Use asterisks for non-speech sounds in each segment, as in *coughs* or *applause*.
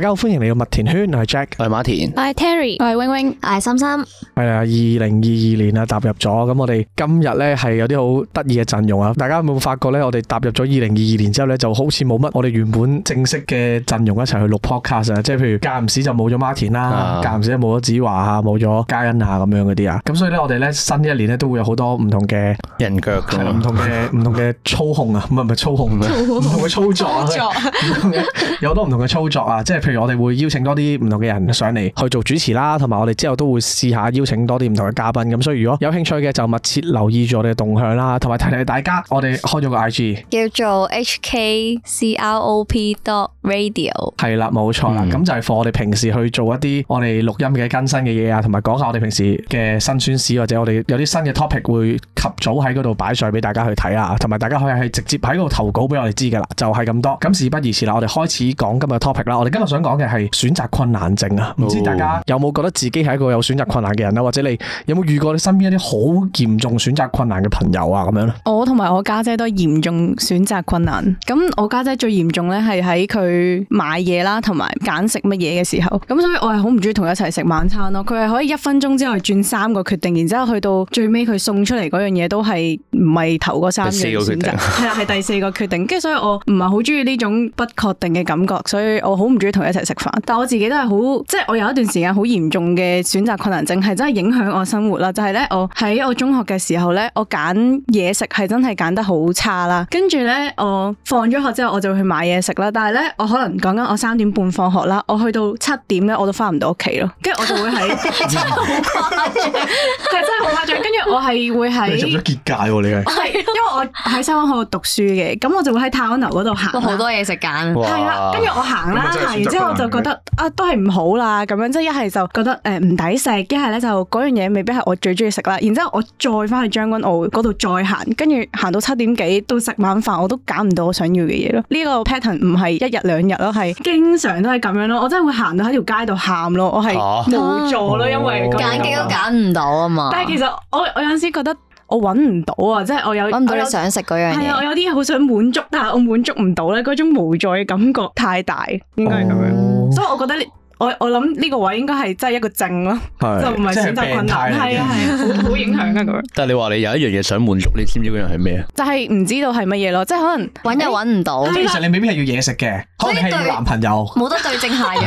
大家好，歡迎嚟到麥田圈，我係 Jack，我係馬田，我係 Terry，我係永永，我係心心。係啊，二零二二年啊，踏入咗。咁我哋今日咧係有啲好得意嘅陣容啊！大家有冇發覺咧？我哋踏入咗二零二二年之後咧，就好似冇乜我哋原本正式嘅陣容一齊去錄 podcast 啊！即係譬如，間唔時就冇咗 Martin 啦，間唔時啊冇咗子華啊，冇咗嘉欣啊咁樣嗰啲啊。咁所以咧，我哋咧新一年咧都會有好多唔同嘅人腳，係啦，唔同嘅唔同嘅操控啊，唔係唔係操控，唔同嘅操作，有好多唔同嘅操作啊！即係。如我哋會邀請多啲唔同嘅人上嚟去做主持啦，同埋我哋之後都會試下邀請多啲唔同嘅嘉賓。咁所以如果有興趣嘅就密切留意住我哋嘅動向啦，同埋提提大家，我哋開咗個 IG，叫做 HKCROP.Radio。係啦，冇錯啦，咁就係放我哋平時去做一啲我哋錄音嘅更新嘅嘢啊，同埋講下我哋平時嘅辛酸史或者我哋有啲新嘅 topic 會及早喺嗰度擺上俾大家去睇啊，同埋大家可以係直接喺度投稿俾我哋知噶啦，就係咁多。咁事不宜遲啦，我哋開始講今日嘅 topic 啦，我哋今日想。講嘅係選擇困難症啊，唔知大家有冇覺得自己係一個有選擇困難嘅人啊？或者你有冇遇過你身邊一啲好嚴重選擇困難嘅朋友啊？咁樣咧，我同埋我家姐都嚴重選擇困難。咁我家姐最嚴重咧係喺佢買嘢啦，同埋揀食乜嘢嘅時候。咁所以，我係好唔中意同佢一齊食晚餐咯。佢係可以一分鐘之內轉三個決定，然之後去到最尾佢送出嚟嗰樣嘢都係唔係頭嗰三個選擇，係啊，係第四個決定。跟住， *laughs* 所以我唔係好中意呢種不確定嘅感覺，所以我好唔中意同。同一齊食飯，但我自己都係好，即係我有一段時間好嚴重嘅選擇困難症，係真係影響我生活啦。就係咧，我喺我中學嘅時候咧，我揀嘢食係真係揀得好差啦。跟住咧，我放咗學之後，我就會去買嘢食啦。但係咧，我可能講緊我三點半放學啦，我去到七點咧，我都翻唔到屋企咯。跟住我就會喺， *laughs* 真係好誇張。跟住 *laughs* 我係會喺，做咗結界、啊、你係是， *laughs* 因為我喺沙灣嗰度讀書嘅，咁我就會喺泰安樓嗰度行，好多嘢食揀。係啦哇，跟住我行啦，之後我就覺得啊，都係唔好啦咁樣，即係一係就覺得誒唔抵食，一係咧就嗰樣嘢未必係我最中意食啦。然之後我再翻去將軍澳嗰度再行，跟住行到七點幾到食晚飯，我都揀唔到我想要嘅嘢咯。呢、這個 pattern 唔係一日兩日咯，係經常都係咁樣咯。我真係會行到喺條街度喊咯，我係冇做咯，啊、因為揀嘅都揀唔到啊嘛。哦、但係其實我我有陣時覺得。我揾唔到啊！即係我有揾到你想食嗰樣嘢，係啊！我有啲好想滿足，但係我滿足唔到咧，嗰種無助嘅感覺太大，應該係咁樣。Oh。所以我覺得你我我諗呢個位應該係真係一個症咯，就唔係選擇困難，係啊係，好影響啊咁。但係你話你有一樣嘢想滿足，你知唔知嗰樣係咩啊？就係唔知道係乜嘢咯，即係可能搵又搵唔到。其實你未必係要嘢食嘅，可能係要男朋友。冇得對症下藥。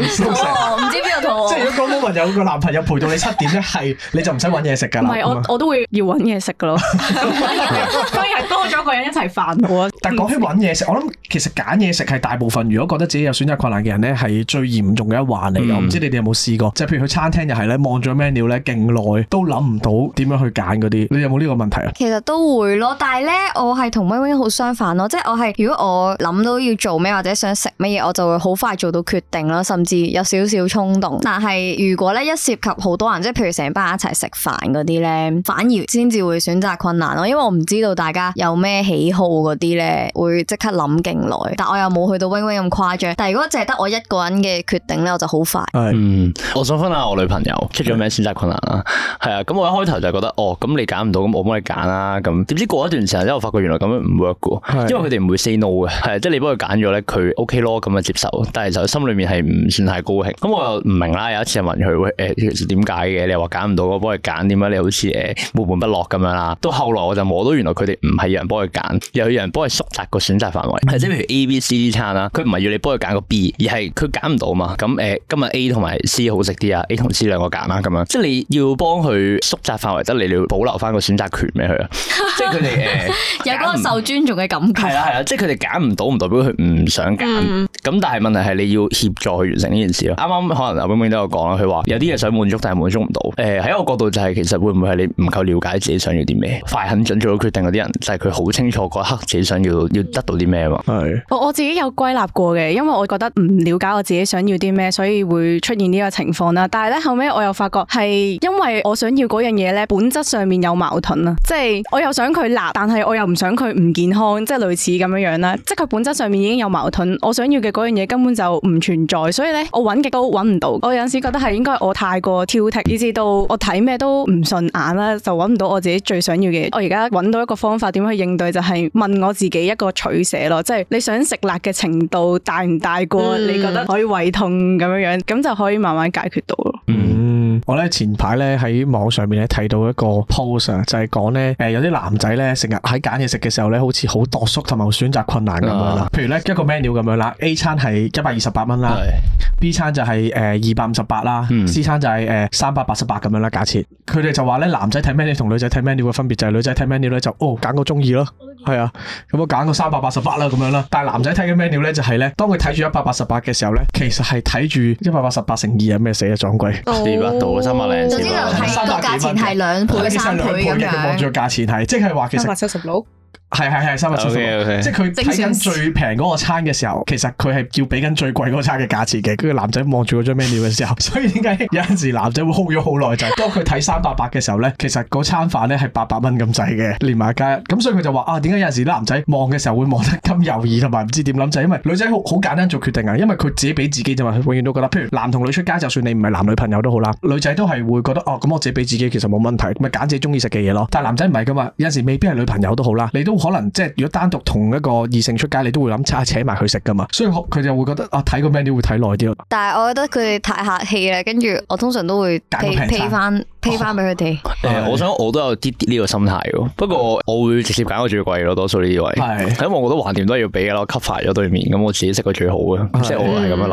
唔知邊個肚餓？即係如果講到朋友有個男朋友陪到你七點咧，係你就唔使搵嘢食噶啦。唔係我我都會要搵嘢食噶咯。 *laughs* 多咗個人一齊飯，但係講起揾嘢食，我諗其實揀嘢食係大部分，如果覺得自己有選擇困難嘅人咧，係最嚴重嘅一環嚟嘅。嗯、我唔知你哋有冇試過，即、就、係、是、譬如去餐廳又係咧，望咗 menu 咧勁耐，都諗唔到點樣去揀嗰啲。你有冇呢個問題啊？其實都會咯，但係咧，我係同麥麥好相反咯。即係我係如果我諗到要做咩或者想食乜嘢，我就會好快做到決定咯，甚至有少少衝動。但係如果咧一涉及好多人，即係譬如成班人一齊食飯嗰啲咧，反而先至會選擇困難咯，因為我唔知道大家。有咩喜好嗰啲咧，會即刻諗勁耐，但我又冇去到 Wing Wing 咁誇張。但係如果淨係得我一個人嘅決定咧，我就好快。的嗯，我想分享下我女朋友，出咗名選擇困難啊？係啊的，咁我一開頭就覺得，哦，咁你揀唔到，咁我幫你揀啦。咁點知過一段時間之後，我發覺原來咁樣唔 work 嘅，的因為佢哋唔會 say no 嘅，係即係你幫佢揀咗咧，佢 ok 咯，咁啊接受。但係就心裏面係唔算太高興。咁我又唔明啦。有一次問佢，誒、欸，其實點解嘅？你話揀唔到，我幫佢揀，點解你好似誒悶悶不樂咁樣啦？到後來我就摸到，原來佢哋唔。係有人幫佢揀，又有人幫佢縮窄個選擇範圍。係即係譬如 A、B、C、D 餐啦，佢唔係要你幫佢揀個 B，而係佢揀唔到嘛。咁誒、呃，今日 A 同埋 C 好食啲啊，A 同 C 兩個揀啦，咁樣即係你要幫佢縮窄範圍得，得你要保留翻個選擇權俾佢啊。 *laughs* 即係佢哋誒有嗰個受尊重嘅感覺。係啦係啦，即係佢哋揀唔到，唔代表佢唔想揀。咁、嗯、但係問題係你要協助佢完成呢件事咯。啱啱可能阿炳炳都有講啦，佢話有啲嘢想滿足，但係滿足唔到。誒喺一個角度就係、是、其實會唔會係你唔夠了解自己想要啲咩，快狠準做咗決定嗰啲人。但係佢好清楚嗰一刻自己想要要得到啲咩嘛。係。我，我自己有歸納過嘅，因為我覺得唔了解我自己想要啲咩，所以會出現呢個情況啦。但係咧後尾我又發覺，係因為我想要嗰樣嘢，咧本質上面有矛盾啊，即係我又想佢辣，但係我又唔想佢唔健康，即係類似咁樣樣啦。即係佢本質上面已經有矛盾，我想要嘅嗰樣嘢根本就唔存在，所以咧我揾極都揾唔到。我有陣時覺得係應該我太過挑剔，以至到我睇咩都唔順眼啦，就揾唔到我自己最想要嘅。我而家揾到一個方法。點去應對就係問我自己一個取捨咯，即係你想食辣嘅程度大唔大過你覺得可以胃痛咁樣樣，咁就可以慢慢解決到咯。我咧，前排咧，喺網上面咧，睇到一個 post 就係講咧，誒有啲男仔咧，成日喺揀嘢食嘅時候咧，好似好多縮同埋選擇困難咁樣啦。譬如咧，一個 menu 咁樣啦，A 餐係一百二十八蚊啦，B 餐就係誒二百五十八啦，C 餐就係誒三百八十八咁樣啦，假設。佢哋就話咧，男仔睇 menu 同女仔睇 menu 嘅分別就係、是、女仔睇 menu 咧，就哦揀個鍾意咯，係啊，咁我揀個三百八十八啦咁樣啦。但係男仔睇嘅 menu 咧就係、是、咧，當佢睇住一百八十八嘅時候咧，其實係睇住一百八十八乘二係咩死啊撞鬼總之、哦、就係個價錢係兩倍三倍咁樣，亦都望住個價錢係，即係話其實。係係係，三百七十，即係佢睇緊最平嗰個餐嘅時候，其實佢係要俾緊最貴嗰餐嘅價錢嘅。跟、那、住、個、男仔望住嗰張 menu 嘅時候，所以點解有陣時男仔會 hold 咗好耐，就係當佢睇三百八嘅時候咧、就是，其實嗰餐飯咧係八百蚊咁滯嘅，連埋加一。咁所以佢就話啊，點解有陣時男仔望嘅時候會望得咁猶豫同埋唔知點諗，就係、是、因為女仔好好簡單做決定啊，因為佢自己俾自己咋嘛，永遠都覺得，譬如男同女出街，就算你唔係男女朋友都好啦，女仔都係會覺得哦，咁我自己俾自己其實冇問題，咪揀自己中意食嘅嘢咯。但係男仔唔係噶嘛，有陣時未必係女朋友都好啦，你都。可能即係如果單獨同一個異性出街，你都會諗扯下請埋佢食㗎嘛，所以佢就會覺得啊，睇個 menu 會睇耐啲咯。但係我覺得佢哋太客氣啦，跟住我通常都會批批翻 pay 翻俾佢哋。誒，我想我都有啲呢個心態嘅，不過我會直接揀個最貴咯，多數呢啲位。係，因為我覺得橫掂都要俾嘅咯 cover 咗對面，咁我自己食個最好嘅，即係我係咁樣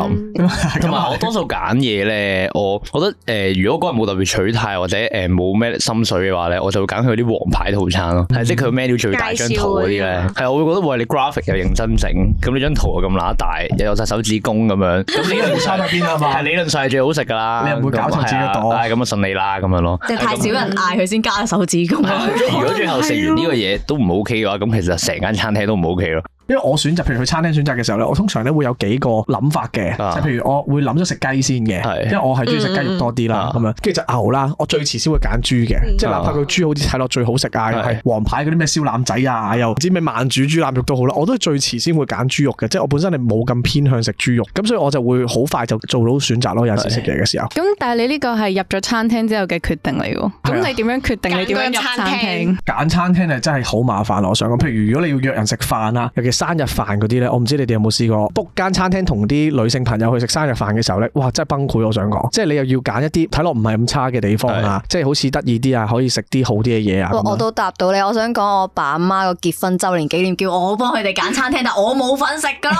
諗。同埋我多數揀嘢咧，我覺得誒，如果嗰人冇特別取態或者誒冇咩心水嘅話咧，我就會揀佢啲皇牌套餐咯。係，即係佢 menu 最大張圖嗰啲咧，係我會覺得喂，你 graphic 又認真整，咁你張圖又咁乸大，又有曬手指公咁樣。咁呢個套餐喺邊啊？係嘛？係理論上係最好食㗎啦。你唔會搞錯指數。係啊。係咁啊，信你啦咁。即係太少人嗌佢先加手指公咁咯。係咁樣 *laughs* 如果最後食完呢個嘢都唔 OK 嘅話，咁其實成間餐廳都唔 OK 咯。因為我選擇，譬如去餐廳選擇嘅時候咧，我通常咧會有幾個諗法嘅，就、啊、譬如我會諗咗食雞先嘅，的因為我係中意食雞肉多啲啦，咁樣跟住就牛啦，我最遲先會揀豬嘅，嗯、即係哪怕個豬好似睇落最好食啊，又係王牌嗰啲咩燒腩仔啊，又唔知咩慢煮豬腩肉都好啦，我都係最遲先會揀豬肉嘅，即係我本身係冇咁偏向食豬肉，咁所以我就會好快就做到選擇咯，有時食嘢嘅時候。咁但係你呢個係入咗餐廳之後嘅決定嚟喎，咁的你點樣決定你點樣餐廳？揀餐廳係真係好麻煩，我想講，譬如如果你要約人食飯啦。生日飯嗰啲咧，我唔知你哋有冇試過 book 間餐廳同啲女性朋友去食生日飯嘅時候咧，哇！真係崩潰，我想講，即係你又要揀一啲睇落唔係咁差嘅地方啊，是的 即係好似得意啲啊，可以食啲好啲嘅嘢啊。我都答到你，我想講我爸阿媽個結婚周年紀念，叫我幫佢哋揀餐廳，但我冇份食噶咯，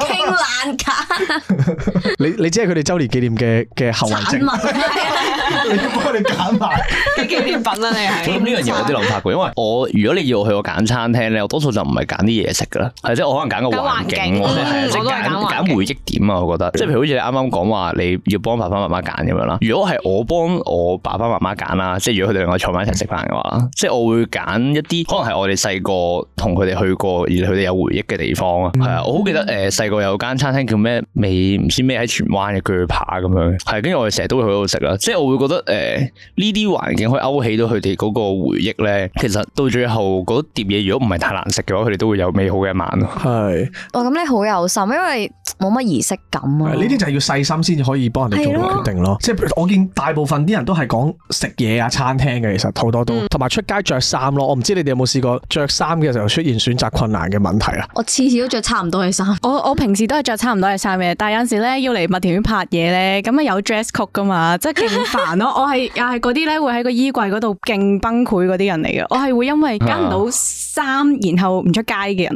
傾 *laughs* *laughs* 難揀、啊 *laughs* *laughs* 你你只係佢哋周年紀念嘅嘅後遺症。 *laughs* *laughs* 你要幫佢哋揀埋啲紀念品啦，你係。我呢樣嘢有啲諗法嘅，因為我如果你要去，我去揀餐廳咧，我多數就唔係揀啲嘢，食噶啦，即係我可能揀個環境，即係揀揀回憶點啊！我覺得，嗯、即係譬如好似你啱啱講話你要幫爸爸媽媽揀咁樣啦。如果係我幫我爸爸媽媽揀啦，即係如果佢哋兩個坐埋一齊食飯嘅話，即係我會揀一啲可能係我哋細個同佢哋去過而佢哋有回憶嘅地方啊。係、嗯、啊，我好記得誒，細、呃、個有間餐廳叫咩未唔知咩喺荃灣嘅鋸扒咁樣，係跟住我哋成日都會去度食啦。即係我會覺得誒，呢啲環境可以勾起到佢哋嗰個回憶咧。其實到最後嗰、那個、碟嘢，如果唔係太難食嘅話，佢哋都會有咩？好一晚咯，係哇是！咁、哦、你好有心，因為冇乜儀式感啊。呢啲就係要細心先至可以幫人哋做到決定咯。的即係我見大部分啲人都係講食嘢啊、餐廳嘅，其實好多都同埋出街着衫咯。我唔知你哋有冇試過着衫嘅時候出現選擇困難嘅問題啦？我次次都着差唔多嘅衫。 *laughs* 我我平時都係着差唔多嘅衫嘅，但係有陣時咧要嚟麥田圈拍嘢咧，咁啊有 dress code 噶嘛，即係勁煩咯。我係又係嗰啲咧會喺個衣櫃嗰度勁崩潰嗰啲人嚟嘅。我係會因為揀唔到衫，然後唔出街嘅人。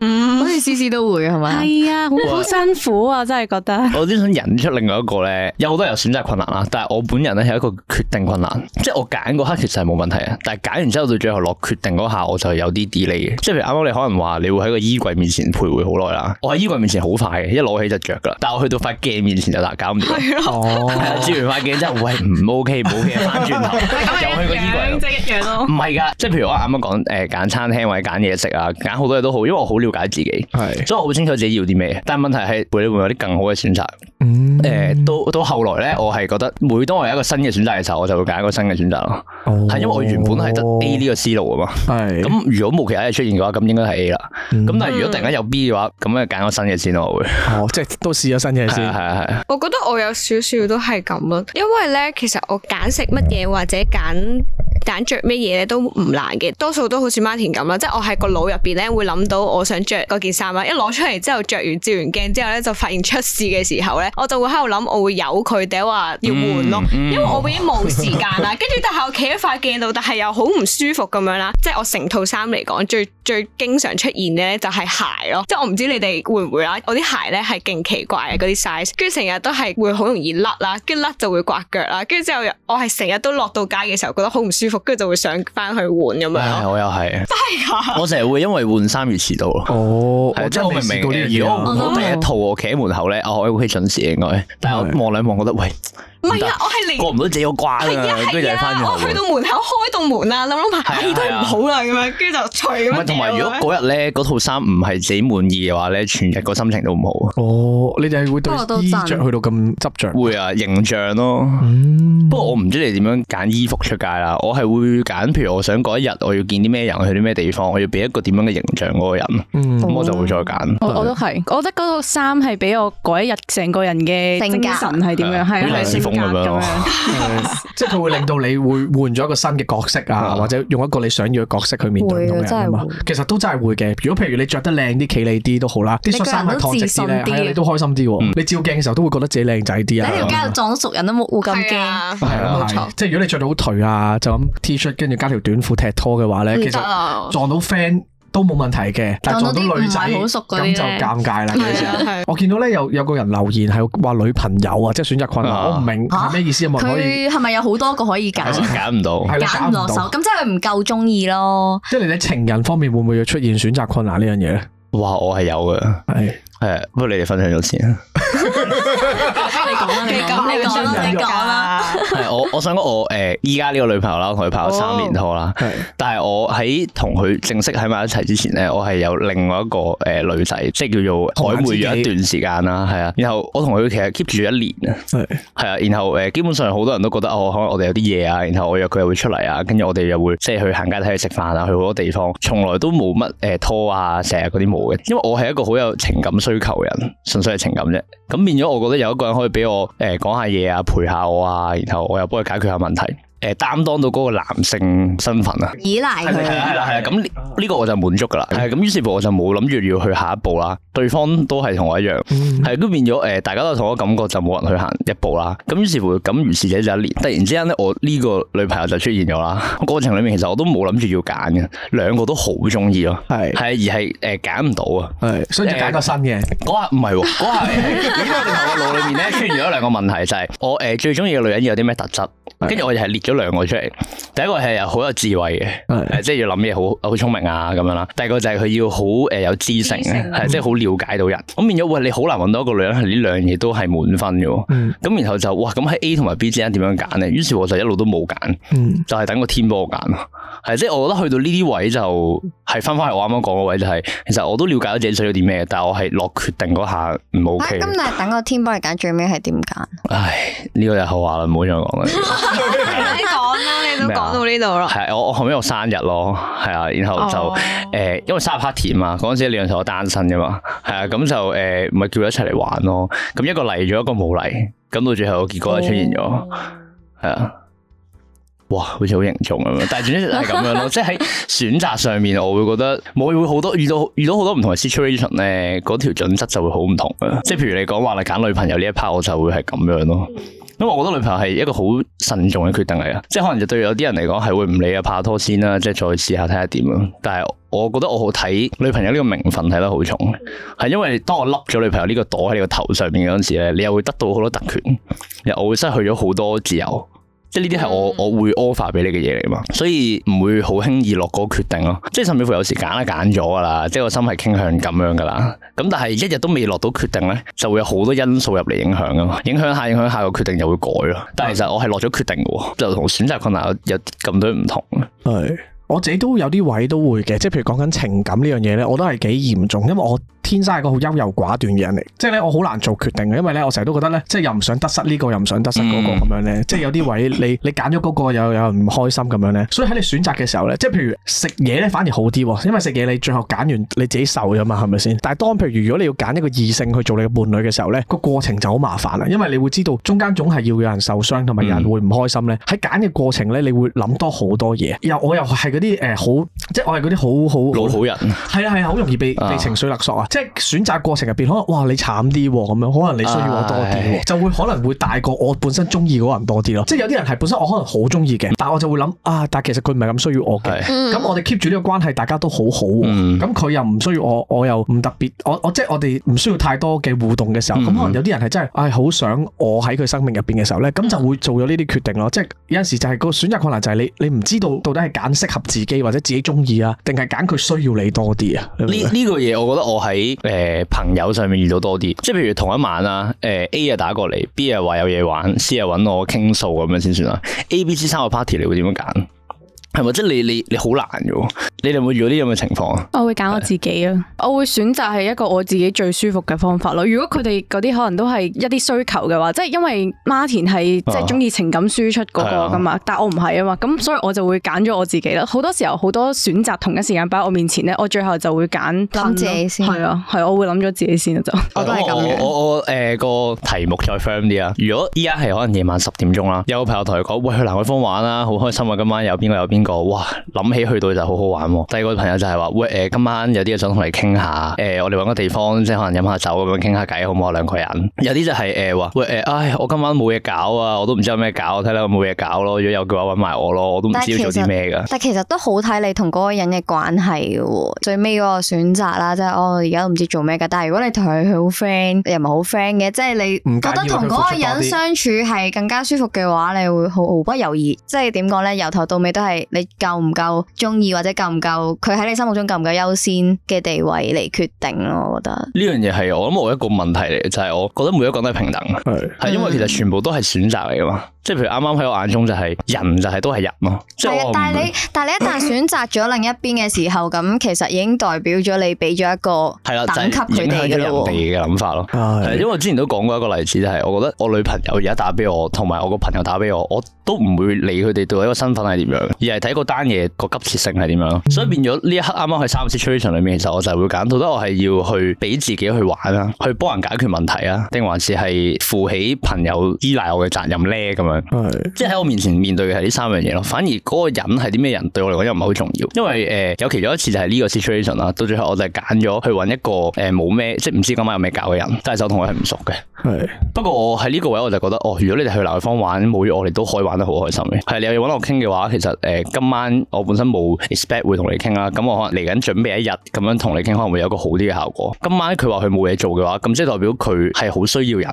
嗯，好似次次都會嘅係咪？係啊，好、哎、辛苦啊，真係覺得。 *laughs* 我都想引出另外一個咧，有好多人選擇困難啦，但係我本人咧係一個決定困難，即係我揀嗰刻其實係冇問題啊。但係揀完之後到最後落決定嗰下，我就有啲 delay 嘅。即係譬如啱啱你可能話你會喺個衣櫃面前徘徊好耐啦，我喺衣櫃面前好快嘅，一攞起就著㗎啦。但係我去到塊鏡面前就難搞唔掂。哦。照完塊鏡之後，喂唔 OK，唔 OK，翻轉頭又去個衣櫃度。一樣一樣咯。唔係㗎，即係譬如我啱啱講誒揀餐廳或者揀嘢食啊，揀好多嘢都好，因為我好了解自己，係是，所以我好清楚自己要啲咩。但係問題係，會唔會有啲更好嘅選擇？誒、嗯呃，到到後來咧，我係覺得，每當我有一個新嘅選擇嘅時候，我就會揀一個新嘅選擇咯。係、哦、因為我原本係得 A 呢個思路啊嘛。係是。咁如果冇其他嘢出現嘅話，咁應該係 A 啦。咁、嗯、但係如果突然間有 B 嘅話，咁咪揀個新嘅先咯。我會。哦，即係都試咗新嘅先。係啊係啊。啊啊啊我覺得我有少少，少都係咁咯，因為咧，其實我揀食乜嘢或者揀。揀着咩嘢咧都唔難嘅，多數都好似 Martin 咁啦，即係我喺個腦入邊咧會諗到我想着嗰件衫啦，一攞出嚟之後着完照完鏡之後咧就發現出事嘅時候咧，我就會喺度諗我會由佢，定係話要換咯，因為我已經冇時間啦。跟住 *laughs* 但係我企喺塊鏡度，但係又好唔舒服咁樣啦。即係我成套衫嚟講最最經常出現嘅咧就係鞋咯，即係我唔知你哋會唔會啦。我啲鞋咧係勁奇怪嘅嗰啲 size，跟住成日都係會好容易甩啦，跟住甩就會刮腳啦，跟住之後我係成日都落到街嘅時候覺得好唔舒服。跟住就會想翻去換咁樣咯，哎呀嗯、我又係，真係 *laughs* 我成日會因為換衫而遲到咯。哦，是我真係未試過呢樣。嗯、我第一套我企喺門口咧，我喺屋企準時應該，嗯、但係我望兩望覺得喂。唔係啊，我係嚟過唔到自己個關啊，跟住就返去。我去到門口開到門啊，諗諗下係都唔好啦，咁樣，跟住就除，同埋如果嗰日咧，嗰套衫唔係自己滿意嘅話咧，全日個心情都唔好啊。哦，你哋係會對衣着去到咁執着？會啊，形象咯。嗯，不過我唔知你點樣揀衣服出街啦。我係會揀，譬如我想嗰一日我要見啲咩人，去啲咩地方，我要俾一個點樣嘅形象嗰個人。咁我就會再揀。我都係，我覺得嗰套衫係俾我嗰一日成個人嘅精神係點樣，係。咁樣，即係佢會令到你會換咗一個新嘅角色啊，或者用一個你想要嘅角色去面對咁樣啊嘛。其實都真係會嘅。如果譬如你着得靚啲、企你啲都好啦，啲恤衫燙直啲咧，係你都開心啲喎。你照鏡嘅時候都會覺得自己靚仔啲啊。喺條街度撞到熟人都冇會咁驚，係啊，冇錯。即係如果你着到好頹啊，就咁 T 恤跟住加條短褲、踢拖嘅話咧，其實撞到 friend。.都冇問題嘅，但係撞到女仔好熟咁就尷尬啦。係，我見到咧有有個人留言係話女朋友啊，即係選擇困難，我唔明咩意思啊。佢係咪有好多個可以揀？揀唔到，揀唔落手，咁即係佢唔夠中意咯。即係你情人方面會唔會出現選擇困難呢樣嘢咧？哇，我係有嘅，係誒，不過你哋分享咗先，你講你講，你講你講啦。我想講我誒，依家呢個女朋友啦，同佢拍咗三年拖啦，哦、但係我喺同佢正式喺埋一齊之前咧，我係有另外一個誒女仔，即係叫做曖昧咗一段時間啦，係啊。然後我同佢其實 keep 住一年啊，係啊。然後誒，基本上好多人都覺得、啊、我可能我哋有啲嘢啊，然後我約佢又會出嚟啊，跟住我哋又會即係去行街、睇去食飯啊，去好多地方，從來都冇乜誒拖啊、成日嗰啲冇嘅。因為我係一個好有情感需求嘅人，純粹係情感啫。咁變咗，我覺得有一個人可以俾我誒講下嘢啊，陪下我啊，然後我又。幫佢解決下問題。 *noise* 誒，擔當到嗰個男性身份啊，依賴佢，係啦，係啦，咁呢呢個我就滿足噶啦，係咁於是乎我就冇諗住要去下一步啦，對方都係同我一樣，係都、嗯、變咗誒、呃，大家都同我感覺就冇人去行一步啦，咁於是乎咁如是者就一年，突然之間咧，我呢個女朋友就出現咗啦，過程裏面其實我都冇諗住要揀嘅，兩個都好中意咯，係係的而係誒揀唔到啊，係、呃，所以就揀個新嘅，嗰下唔係喎，嗰下喺我哋頭嘅腦裏面咧，出現咗兩個問題就係、是，我、呃、誒最中意嘅女人要有啲咩特質，跟住的我就係列。咗兩個出嚟，第一個係好有智慧嘅，即係是的、呃，就是、要諗嘢好好聰明啊咁樣啦。第二個就係佢要好誒、呃、有知性，即係好了解到人。咁變咗，喂，你好難搵到一個女人係呢兩樣嘢都係滿分嘅。咁、嗯、然後就哇，咁喺 A 同埋 B 之間點樣揀呢？於是我就一路都冇揀，嗯、就係等個天幫我揀咯。係，即係我覺得去到呢啲位就係翻翻係我啱啱講嗰位、就是，就係其實我都了解到自己需要啲咩，但係我係落決定嗰下唔 OK。咁、啊、但係等個天幫你揀最尾係點揀？ *laughs* 唉、呢、這個就後話啦，唔好再講啦。 *laughs* *laughs* 咁你都講到呢度咯。係、啊、我我後屘我生日咯，係啊，然後就誒、oh. 呃，因為生日 party 嘛，嗰陣時你同我單身噶嘛，係啊，咁就誒，咪、呃、叫佢一齊嚟玩咯。咁一個嚟咗，一個冇嚟，咁到最後嘅結果就出現咗，係、oh. 啊。哇，好似好嚴重咁，但係總之係咁樣咯。 *laughs* 即係喺選擇上面，我會覺得我會好多遇到遇到好多唔同嘅 situation 咧，嗰條準則就會好唔同嘅。即係譬如你講話你揀女朋友呢一 part，我就會係咁樣咯。因為我覺得女朋友係一個好慎重嘅決定嚟㗎，即係可能就對有啲人嚟講係會唔理啊拍拖先啦，即係再試下睇下點咯。但係我覺得我好睇女朋友呢個名分睇得好重，係因為當我笠咗女朋友呢個朵喺你個頭上面嗰陣時咧，你又會得到好多特權，又會失去咗好多自由。即係呢啲係我我會 offer 俾你嘅嘢嚟嘛，所以唔會好輕易落嗰個決定咯。即係甚至乎有時揀都揀咗噶啦，即係個心係傾向咁樣噶啦。咁但係一日都未落到決定咧，就會有好多因素入嚟影響噶嘛，影響下影響下個決定又會改咯。但係其實我係落咗決定嘅，就同選擇困難有咁多唔同係。我自己都有啲位都會嘅，即係譬如講緊情感呢樣嘢呢，我都係幾嚴重，因為我天生係個好優柔寡斷嘅人嚟，即係咧我好難做決定嘅，因為呢，我成日都覺得呢，即係又唔想得失呢個，又唔想得失嗰個咁樣呢。即係有啲位你你揀咗嗰個又有人唔開心咁樣呢。所以喺你選擇嘅時候呢，即係譬如食嘢呢，反而好啲，因為食嘢你最後揀完你自己受㗎嘛，係咪先？但係當譬如如果你要揀一個異性去做你嘅伴侶嘅時候呢，個過程就好麻煩啦，因為你會知道中間總係要有人受傷同埋有人會唔開心呢。喺揀嘅過程呢，你會諗多好多嘢。又我又係。啲、誒、呃，好即係我係嗰啲好好老好人，係啊係啊，好容易被、啊、被情緒勒索啊！即係選擇過程入邊，可能哇你慘啲咁樣，可能你需要我多啲，哎、就會可能會大過我本身中意嗰個人多啲咯。即係有啲人係本身我可能好中意嘅，但我就會諗啊，但其實佢唔係咁需要我嘅。咁是、嗯、我哋 keep 住呢個關係，大家都好好，咁佢、嗯、又唔需要我，我又唔特別，我我即係、就是、我哋唔需要太多嘅互動嘅時候，咁、嗯、可能有啲人係真係唉好想我喺佢生命入邊嘅時候咧，咁就會做咗呢啲決定咯。即係有陣時就係個選擇困難就，就係你你唔知道到底係揀適合自己或者自己中意啊，定係揀佢需要你多啲啊？呢呢、這個嘢，我覺得我喺誒、呃、朋友上面遇到多啲，即係譬如同一晚啊，誒、呃、A 啊打過嚟，B 啊話有嘢玩，C 啊揾我傾訴咁樣先算啦。A、B、C 三個 party，你會點樣揀？係咪？即係你你你好難嘅喎？你哋冇遇到啲咁嘅情況啊？我會揀我自己啊。我會選擇係是一個我自己最舒服嘅方法咯。如果佢哋嗰啲可能都係一啲需求嘅話，即係因為 r 田係即係中意情感輸出嗰個㗎嘛，哦、但我唔係啊嘛，咁所以我就會揀咗我自己啦。好多時候好多選擇同一時間擺我面前咧，我最後就會揀自己先係啊，係我會諗咗自己先啊，就都係咁樣我。我我誒、呃、個題目再 firm 啲啊！如果依家係可能夜晚十點鐘啦，有個朋友同佢講：喂，去南海坊玩啦，好開心啊！今晚有邊個有邊個？個哇，諗起去到就好好玩啊。第二個朋友就係話喂誒、呃，今晚有啲嘢想同你傾下。誒、呃，我哋搵個地方即係可能飲下酒咁樣傾下偈，好唔好啊？兩個人。 *laughs* 有啲就係誒話喂誒，唉、呃哎，我今晚冇嘢搞啊，我都唔知有咩搞。我睇下有冇嘢搞咯。如果有嘅話，搵埋我咯，啊，我都唔知要做啲咩噶。但其實都好睇你同嗰個人嘅關係嘅，啊。最尾嗰個選擇啦，啊，即係哦，而家都唔知做咩噶。但係如果你同佢好 friend，又唔係好 friend 嘅，即係你唔覺得同嗰個人相處係更加舒服嘅話，你會好毫不猶豫。即係點講咧？由頭到尾都係。你夠唔夠中意，或者夠唔夠佢喺你心目中夠唔夠優先嘅地位嚟決定咯？我覺得呢樣嘢係我諗我一個問題嚟，就係、是、我覺得每一個都係平等嘅，係的，的因為其實全部都係選擇嚟噶嘛，即係譬如啱啱喺我眼中就係、是、人就係都係人咯的，但係你但係你一旦選擇咗另一邊嘅時候，咁 *coughs* 其實已經代表咗你俾咗一個等級佢哋嘅諗法咯的，因為我之前都講過一個例子，就係、是、我覺得我女朋友而家打俾我，同埋我個朋友打俾我，我都唔會理佢哋對我身份係點樣，而係睇個單嘢個急切性係點樣咯，mm hmm. 所以變咗呢一刻啱啱喺三個 situation 裏面，其實我就會揀，到底我係要去俾自己去玩啊，去幫人解決問題啊，定還是係負起朋友依賴我嘅責任咧？咁樣、mm，hmm. 即係喺我面前面對嘅係呢三樣嘢咯。反而嗰個人係啲咩人對我嚟講又唔係好重要，因為誒、呃、有其中一次就係呢個 situation 啦。到最後我就係揀咗去揾一個誒冇咩，即係唔知今晚有咩搞嘅人，但係就同佢係唔熟嘅。係、mm，hmm. 不過我喺呢個位我就覺得，哦，如果你哋去南方玩，冇我哋都可以玩得好開心嘅。係，你有嘢揾我傾嘅話，其實誒。呃今晚我本身冇 expect 會同你傾啦，咁我可能嚟緊準備一日咁樣同你傾，可能會有一個好啲嘅效果。今晚佢話佢冇嘢做嘅話，咁即係代表佢係好需要人。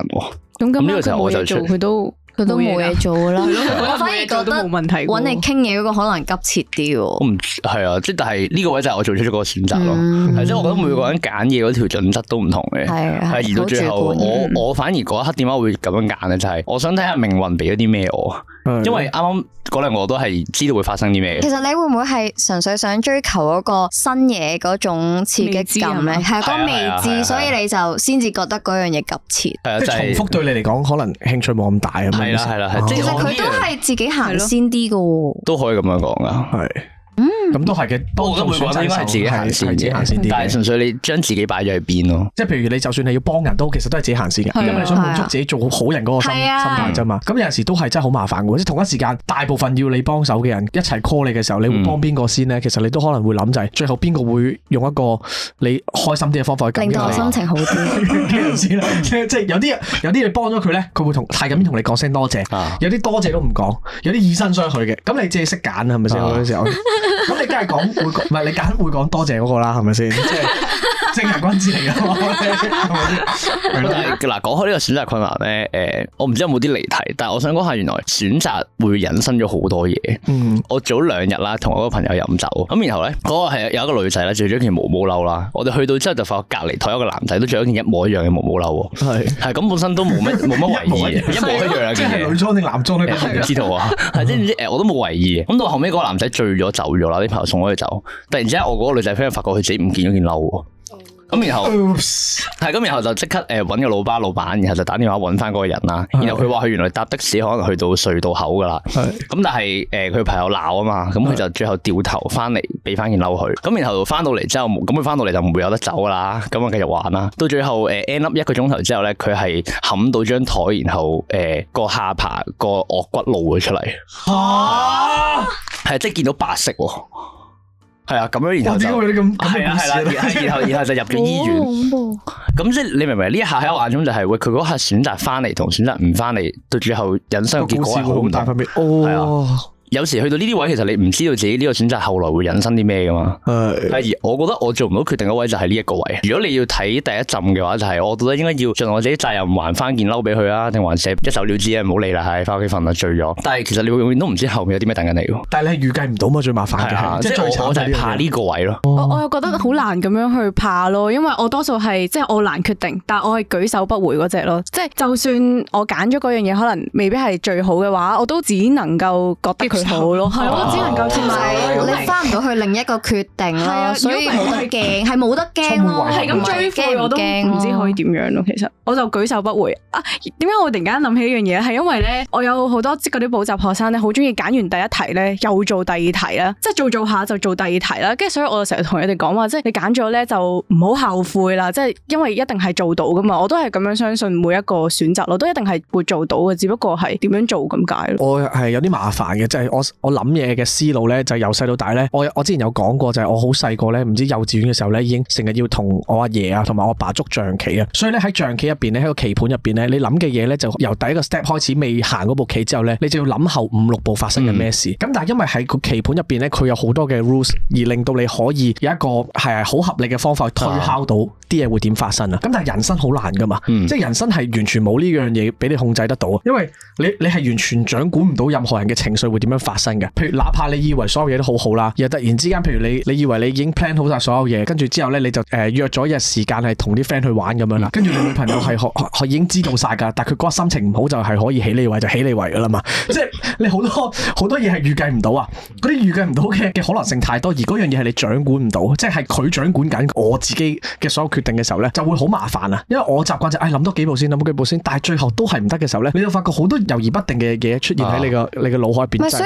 咁呢個時候我就做，佢都佢都冇嘢做啦。我反而覺得揾你傾嘢嗰個可能急切啲。我唔係啊，即但係呢個位就係我做出咗個選擇咯。係即係我覺得每個人揀嘢嗰條準則都唔同嘅。係而到最後，嗯、我我反而嗰一刻點解會咁樣揀咧，就係、是、我想睇下命運俾咗啲咩我。因為啱啱嗰兩個都係知道會發生啲咩嘅。其實你會唔會係純粹想追求嗰個新嘢嗰種刺激感咧？係嗰未知，所以你就先至覺得嗰樣嘢急切。係啊，即係重複對你嚟講，可能興趣冇咁大啊。係啦，係啦，其實佢都係自己行先啲㗎。都可以咁樣講啊，係。咁都係嘅，都唔會覺得應該係自己行先嘅，但係純粹你將自己擺喺邊咯。即係譬如你就算你要幫人都，其實都係自己行先嘅，因為你想滿足自己做好人嗰個心態啫嘛。咁有陣時都係真係好麻煩嘅，即同一時間大部分要你幫手嘅人一齊 call 你嘅時候，你會幫邊個先咧？其實你都可能會諗就係最後邊個會用一個你開心啲嘅方法去令我心情好啲先啦。即係有啲有啲嘢幫咗佢咧，佢會同太緊同你講聲多謝；有啲多謝都唔講，有啲以身相許嘅。咁你即係識揀啦，係咪先？ *laughs* 即係你梗係講會，唔係你揀會講多謝嗰個啦，係咪先？即。 *laughs* *laughs* 正係君子嚟嘅，但係嗱，講開呢個選擇困難咧，誒，我唔知有冇啲離題，但係我想講下原來選擇會引申咗好多嘢。嗯、我早咗兩日啦、啊，同我個朋友飲酒咁，然後咧嗰、嗰個係有一個女仔咧著咗件毛毛褸啦。我哋去到之後就發覺隔離台一個男仔都著咗件一模一樣嘅毛毛褸喎，係咁是本身都冇乜冇乜違意嘅， *laughs* 一模一樣啊！ *laughs* 即係女裝定男裝咧？唔知道啊，係知唔知我都冇違意，咁到後尾嗰個男仔醉咗走咗啦，啲朋友送佢走，突然之間我嗰個女仔 friend 發覺佢自己唔見咗件褸喎。咁然後，係咁 Oops. 然後就即刻誒搵個老爸老闆，然後就打電話搵翻嗰個人啦。的然後佢話佢原來搭的士可能去到隧道口噶啦。咁的但係誒佢朋友鬧啊嘛，咁佢就最後掉頭翻嚟俾翻件褸佢。咁然後翻到嚟之後，咁佢翻到嚟就唔會有得走噶啦。咁啊繼續玩啦。到最後誒，end up 一個鐘頭之後咧，佢係冚到張台，然後誒個、呃、下巴、個顎骨露咗出嚟。吓、啊，係即係見到白色。係啊，咁樣然後就係、哦、啊，係啦，然後 *laughs* 然後就入咗醫院。咁、哦、即係你明唔明？呢 *laughs* 一下喺我眼中就係喂，佢嗰下選擇翻嚟同選擇唔翻嚟，到最後人生嘅結果係好唔同。啊。哦有時去到呢啲位，其實你唔知道自己呢個選擇後來會引申啲咩噶嘛。係是，但係而我覺得我做唔到決定嗰位就係呢一個位。如果你要睇第一浸嘅話，就係、是、我到底應該要盡我自己責任還翻件褸俾佢啊，定還借一走了之啊，唔好理啦，係，翻屋企瞓啦，醉咗。但係其實你會永遠都唔知後面有啲咩等緊你噶。但係你預計唔到嘛，最麻煩嘅係。的即係我就怕呢個位咯、哦。我我又覺得好難咁樣去怕咯，因為我多數係即係我難決定，但我係舉手不回嗰隻咯。即、就、係、是、就算我揀咗嗰樣嘢，可能未必係最好嘅話，我都只能夠覺得。好咯，係咯，只、啊、能夠同埋你翻唔到去另一個決定咯，啊、所以唔驚，係冇、嗯、得驚咯，係咁是追翻，驚唔驚？唔知可以點樣咯，其實我就舉手不回啊。點解我突然間諗起一樣嘢咧？係因為咧，我有好多嗰啲補習學生咧，好中意揀完第一題咧，又做第二題啦，即係做做下就做第二題啦。跟住所以我就成日同佢哋講話，即係你揀咗咧就唔好後悔啦，即係因為一定係做到噶嘛。我都係咁樣相信每一個選擇咯，我都一定係會做到嘅，只不過係點樣做咁解咯。我係有啲麻煩嘅，即係。我我諗嘢嘅思路咧，就係由細到大咧。我我之前有講過就，就係我好細個咧，唔知幼稚園嘅時候咧，已經成日要同我阿爺啊，同埋我阿爸捉象棋啊。所以咧，喺象棋入邊咧，喺個棋盤入邊咧，你諗嘅嘢咧，就由第一個 step 開始未行嗰步棋之後咧，你就要諗後五六步發生嘅咩事。咁、嗯、但係因為喺個棋盤入邊咧，佢有好多嘅 rules，而令到你可以有一個係好合理嘅方法去推敲到啲嘢會點發生啊。咁、嗯、但係人生好難㗎嘛，嗯、即係人生係完全冇呢樣嘢俾你控制得到，因為你你係完全掌管唔到任何人嘅情緒會點樣。發生嘅，譬如哪怕你以為所有嘢都好好啦，又突然之間，譬如你，你以為你已經 plan 好晒所有嘢，跟住之後咧，你就誒、呃、約咗一日時間係同啲 friend 去玩咁樣啦，跟住你女朋友係學 *laughs* 已經知道晒噶，但係佢覺得心情唔好就係可以起你位就起位 *laughs* 就你位噶啦嘛，即係你好多好多嘢係預計唔到啊，嗰啲預計唔到嘅嘅可能性太多，而嗰樣嘢係你掌管唔到，即係係佢掌管緊我自己嘅所有決定嘅時候咧，就會好麻煩啊，因為我習慣就誒、是、諗多幾步先，諗多幾步先，但係最後都係唔得嘅時候咧，你就發覺好多猶豫不定嘅嘢出現喺你個、啊、你個腦海入邊。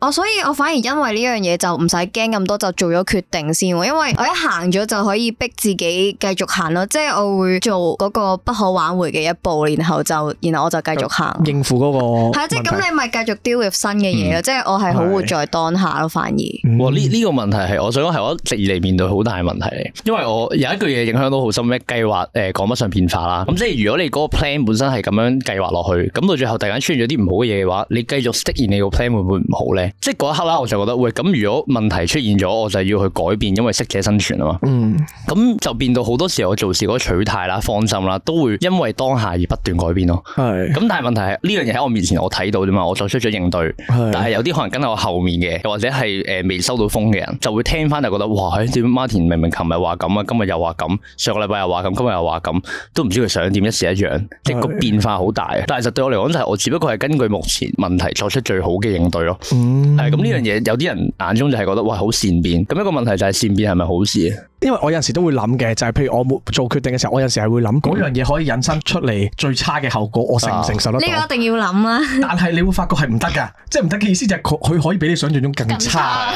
我、oh, 所以，我反而因為呢樣嘢就唔使驚咁多，就做咗決定先。因為我一行咗，就可以逼自己繼續行咯。即係我會做嗰個不可挽回嘅一步，然後就然後我就繼續行。應付嗰個係啊， *laughs* 即咁題你咪繼續 deal with 新嘅嘢咯。嗯、即係我係好活在當下咯，反而。嗯、哇，呢呢、這個問題係我想係我一直嚟面對好大嘅問題嚟。因為我有一句嘢影響到好深，咩計劃誒講不上變化啦。咁即係如果你嗰個 plan 本身係咁樣計劃落去，咁到最後突然間出現咗啲唔好嘅嘢嘅話，你繼續 stick 住你個 plan 會唔會唔好呢？即係嗰一刻啦，我就覺得喂，咁如果問題出現咗，我就要去改變，因為適者生存啊嘛。嗯。咁就變到好多時候我做事嗰取態啦、放心啦，都會因為當下而不斷改變咯。係是。咁但係問題係呢樣嘢喺我面前，我睇到啫嘛，我作出咗應對。是但係有啲可能跟喺我後面嘅，又或者係誒未收到風嘅人，就會聽翻就覺得哇，點解 Martin 明明琴日話咁啊，今日又話咁，上個禮拜又話咁，今日又話咁，都唔知佢想點一時一樣，即係個是變化好大。但係其實對我嚟講就係我只不過係根據目前問題作出最好嘅應對咯。嗯係咁，呢樣嘢，有啲人眼中就係覺得哇，好善變，咁一個問題就係善變係咪好事啊？因為我有陣時都會諗嘅，就係譬如我做決定嘅時候，我有陣時係會諗嗰樣嘢可以引申出嚟最差嘅後果，我承唔承受得？呢個一定要諗啦。但係你會發覺係唔得噶，即係唔得嘅意思就係佢可以比你想象中更差。